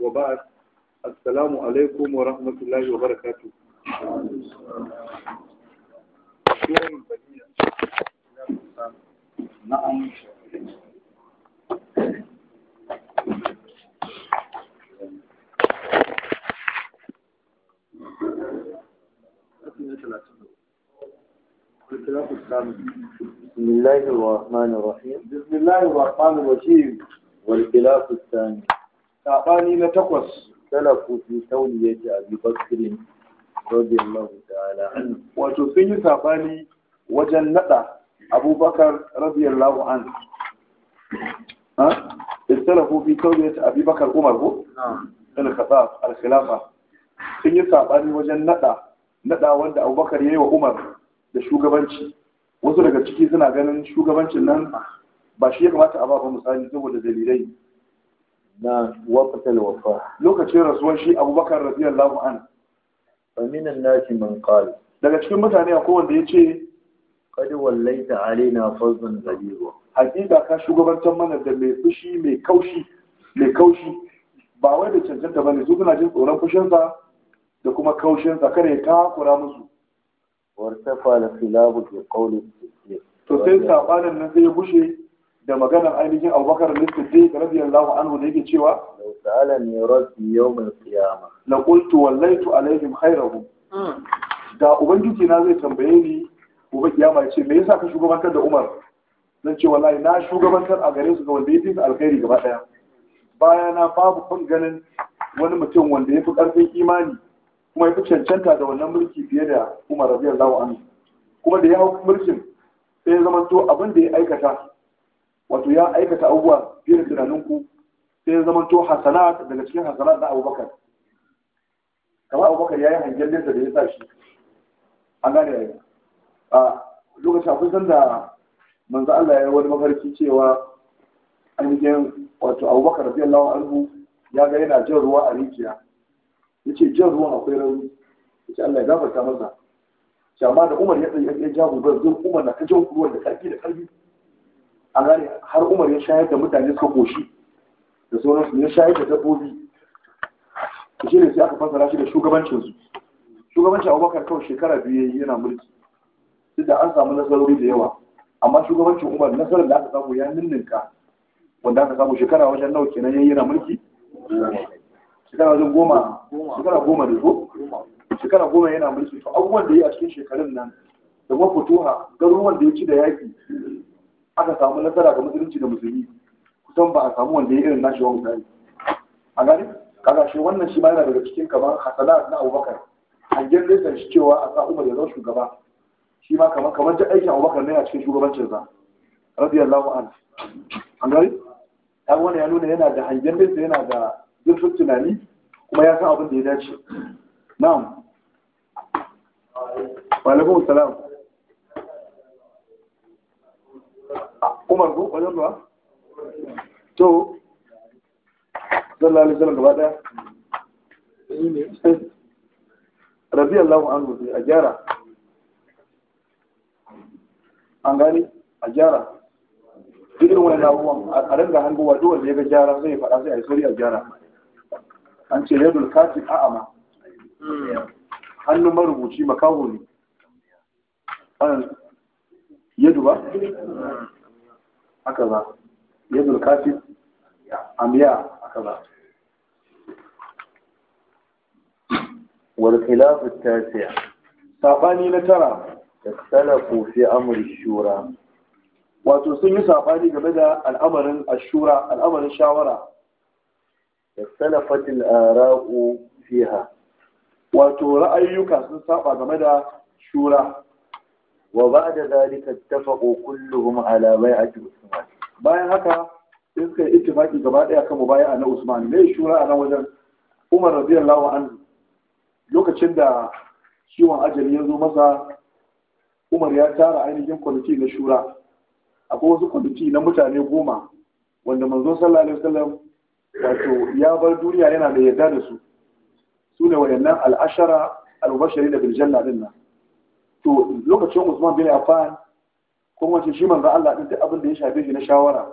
وبعد السلام عليكم ورحمة الله وبركاته نعم بسم الله الرحمن الرحيم بسم الله الرحمن الرحيم والخلاف الثاني saɓani na takwas salafu fi tauliyati abi bakrin radiyallahu ta'ala wato sun yi saɓani wajen nada abubakar radiyallahu an ha istalafu fi sun yi saɓani wajen nada abubakar yayi wa umar da shugabanci wasu daga ciki suna ganin Shugabanci nan ba shi ya kamata a ba ba misali saboda dalilai na waqtal wafa lokacin rasuwar shi Abubakar rafiyar lamu'an fa nashi man qala daga cikin mutane ya ce. wanda wallai ta wallaita na fazlan ghaliwa hakika ka shugabantar mana da mai fushi mai kaushi mai kaushi ba wai da cancanta ba bane su suna jin tsoron fushinsa da kuma kaushinsa kare ya kura musu wartafa la filabu ke kaunin to sai sabanin nan sai ya bushe da maganar ainihin abubakar lissiddiq radiyallahu an da yake cewa lau ne rabbi yawmal na kultu wallai tu alaihim hairahu hmm. da ubangiji na zai tambaye ni gobe kiyama ya ce me yasa ka shugabantar da Umar zan ce wallahi na shugabantar a gare su ga wanda ya fi alkhairi gaba daya baya na babu kun ganin wani mutum wanda ya fi karfin imani kuma ya fi cancanta da wannan mulki fiye da Umar radiyallahu anhu kuma da ya hau mulkin sai ya zama to abin da ya aikata wato ya aikata abubuwa fiye da tunaninku sai ya zama to hasanat daga cikin hasanat na abubakar kamar abubakar ya yi hangen nesa da ya sa shi an gane ya yi a lokacin akwai sanda manzo Allah ya yi wani mafarki cewa an ainihin wato abubakar lawan anhu ya ga yana jan ruwa a rijiya ya ce jan ruwan akwai rauni ya ce Allah ya gafarta masa shi amma da umar ya tsaye ya ja gubar zai umar na ta jan ruwan da karfi da karfi a gane har umar ya shayar da mutane suka koshi da sauransu ya shayar da dabbobi shi ne sai aka fassara shi da shugabancinsu shugabancin abubakar kawai shekara biyu yana mulki duk da an samu nasarori da yawa amma shugabancin umar nasarar da aka samu ya ninninka wanda aka samu shekara wajen nawa kenan yayi yana mulki shekara wajen goma shekara goma da so shekara goma yana mulki to abubuwan da ya yi a cikin shekarun nan da mafutuwa garuruwan da ya ci da yaƙi aka samu nasara ga musulunci da musulmi kusan ba a samu wanda ya irin nashi wa musulmi a gani kaga shi wannan shi ma yana daga cikin kamar hasala na abubakar hangen nesa shi cewa a sa umar ya zama shugaba shi ma kamar kamar duk aikin abubakar ne a cikin shugabancin sa radiyallahu an an gani ya wani ya nuna yana da hangen nesa yana da zurfin tunani kuma ya san abin da ya dace na'am wa alaikum salam umar ko wajen ba to sallallahu alaihi wasallam gaba daya rabi Allah an gudu a gyara an gani a gyara duk irin wani abubuwan a ringa hangowa duwar da ya ga gyara zai faɗa sai a yi sauri a gyara an ce yadul kati a'ama hannun marubuci makaho ne yadu ba haka za yadul kafi amiya haka za والخلاف التاسع saɓani na tara ikhtalafu fi amri shura wato sun yi saɓani game da al'amarin ashura al'amarin shawara ikhtalafatil ara'u fiha wato ra'ayyuka sun saba game da shura wa ba da zalika tafaqo kulluhum ala bai'ati usman bayan haka sai suka yi ittifaqi gaba daya kan mubai'a na usman ne shura a nan wajen umar radiyallahu anhu lokacin da ciwon ajali ya zo masa umar ya tara ainihin kwamiti na shura akwai wasu kwamiti na mutane goma wanda manzo sallallahu alaihi wasallam wato ya bar duniya yana da yarda da su su ne wayannan al'ashara al-bashari da biljanna din to lokacin Usman bin Affan Kuma wace shi manzo Allah din duk abin da ya shafe shi na shawara